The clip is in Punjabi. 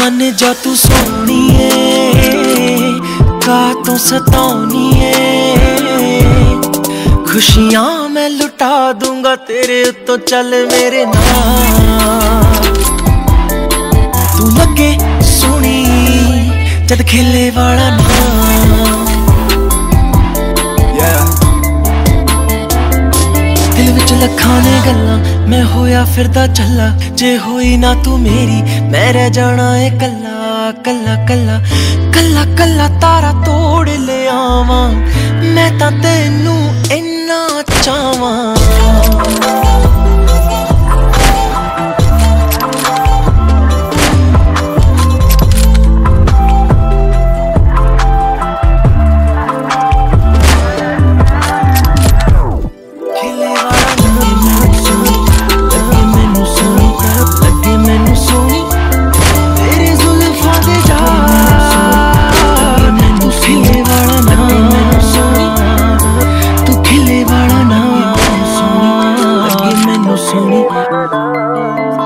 ਮਨ ਜੋ ਤੂੰ ਸੋਹਣੀ ਏ ਕਾ ਤੂੰ ਸਤਾਉਣੀ ਏ ਖੁਸ਼ੀਆਂ ਮੈਂ ਲੁਟਾ ਦੂੰਗਾ ਤੇਰੇ ਉੱਤੋਂ ਚੱਲ ਮੇਰੇ ਨਾਲ ਤੂੰ ਲੱਗੇ ਸੋਹਣੀ ਜਦ ਖੇਲੇ ਵਾਲਾ ਨਾ ਲੱਖਾਂ ਨੇ ਗੱਲਾਂ ਮੈਂ ਹੋਇਆ ਫਿਰਦਾ ਚੱਲਾ ਜੇ ਹੋਈ ਨਾ ਤੂੰ ਮੇਰੀ ਮੈਂ ਰਹਿ ਜਾਣਾ ਏ ਕੱਲਾ ਕੱਲਾ ਕੱਲਾ ਕੱਲਾ ਕੱਲਾ ਤਾਰਾ ਤੋੜ ਲਿਆਵਾਂ ਮੈਂ ਤਾਂ ਤੈਨੂੰ 你而等。